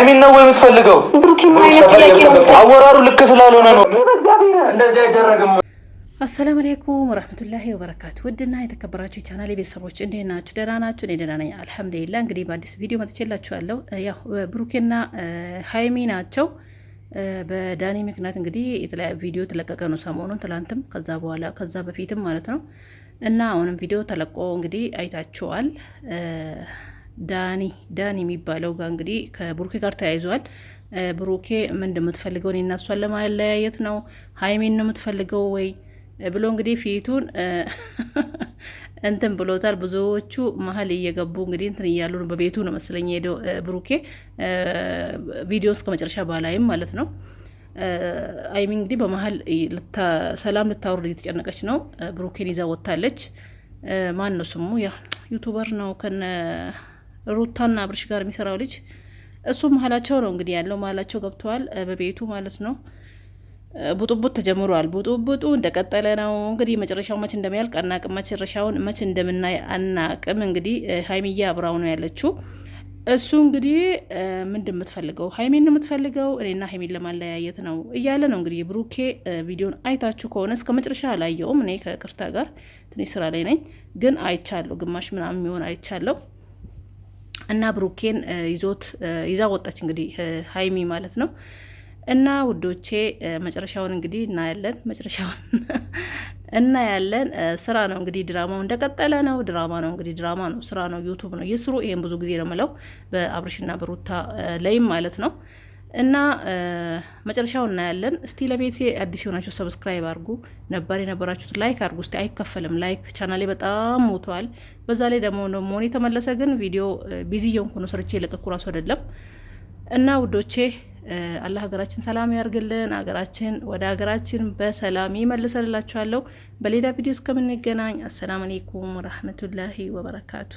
እሚን ነው ወይ የምትፈልገው? አወራሩ ልክ ስላልሆነ ነው። አሰላሙ አለይኩም ወረህመቱላሂ ወበረካቱ። ውድና የተከበራችሁ የቻናሌ ቤተሰቦች እንዴት ናችሁ? ደህና ናችሁ? እኔ ደህና ነኝ አልሐምዱሊላህ። እንግዲህ በአዲስ ቪዲዮ መጥቼላችኋለሁ። ያው ብሩኬና ሀይሚ ናቸው። በዳኒ ምክንያት እንግዲህ የተለያዩ ቪዲዮ ተለቀቀ ነው ሰሞኑን፣ ትላንትም፣ ከዛ በኋላ ከዛ በፊትም ማለት ነው እና አሁንም ቪዲዮ ተለቆ እንግዲህ አይታችኋል። ዳኒ ዳኒ የሚባለው ጋር እንግዲህ ከብሩኬ ጋር ተያይዟል። ብሩኬ ምን እንደምትፈልገው እኔ እና እሷን ለማለያየት ነው ሀይሜን ነው የምትፈልገው ወይ ብሎ እንግዲህ ፊቱን እንትን ብሎታል። ብዙዎቹ መሀል እየገቡ እንግዲህ እንትን እያሉ ነው። በቤቱ ነው መሰለኝ ሄደው ብሩኬ ቪዲዮ እስከ መጨረሻ ባላይም ማለት ነው። አይሚ እንግዲህ በመሀል ሰላም ልታወርድ እየተጨነቀች ነው። ብሩኬን ይዛ ወጥታለች። ማን ነው ስሙ? ያ ዩቱበር ነው ከነ ሩታና አብርሽ ጋር የሚሰራው ልጅ እሱ መሀላቸው ነው እንግዲህ ያለው መሀላቸው ገብተዋል በቤቱ ማለት ነው። ቡጡቡጥ ተጀምሯል። ቡጡቡጡ እንደቀጠለ ነው እንግዲህ መጨረሻው መች እንደሚያልቅ አናቅም። መጨረሻውን መች እንደምናይ አናቅም። እንግዲህ ሀይሚዬ አብራው ነው ያለችው። እሱ እንግዲህ ምንድን የምትፈልገው ሀይሜን የምትፈልገው እኔና ሀይሜን ለማለያየት ነው እያለ ነው እንግዲህ። ብሩኬ ቪዲዮን አይታችሁ ከሆነ እስከ መጨረሻ አላየውም። እኔ ከቅርታ ጋር ትንሽ ስራ ላይ ነኝ፣ ግን አይቻለሁ፣ ግማሽ ምናምን የሚሆን አይቻለሁ። እና ብሩኬን ይዞት ይዛ ወጣች እንግዲህ ሀይሚ ማለት ነው። እና ውዶቼ መጨረሻውን እንግዲህ እናያለን። መጨረሻውን እናያለን። ስራ ነው እንግዲህ ድራማው እንደቀጠለ ነው። ድራማ ነው እንግዲህ ድራማ ነው፣ ስራ ነው፣ ዩቱብ ነው። ይስሩ። ይሄን ብዙ ጊዜ ነው የምለው በአብርሽና በሩታ ላይም ማለት ነው። እና መጨረሻው እናያለን። እስቲ ለቤቴ አዲስ የሆናችሁ ሰብስክራይብ አድርጉ፣ ነባር የነበራችሁት ላይክ አድርጉ። እስቲ አይከፈልም ላይክ። ቻናሌ በጣም ሞቷል። በዛ ላይ ደግሞ መሆን የተመለሰ ግን ቪዲዮ ቢዚ የሆንኩ ነው ሰርቼ የለቀኩ ራሱ አይደለም። እና ውዶቼ አላህ ሀገራችን ሰላም ያርግልን፣ ሀገራችን ወደ ሀገራችን በሰላም ይመልሰልላችኋለሁ። በሌላ ቪዲዮ እስከምንገናኝ አሰላም አለይኩም ረህመቱላሂ ወበረካቱ።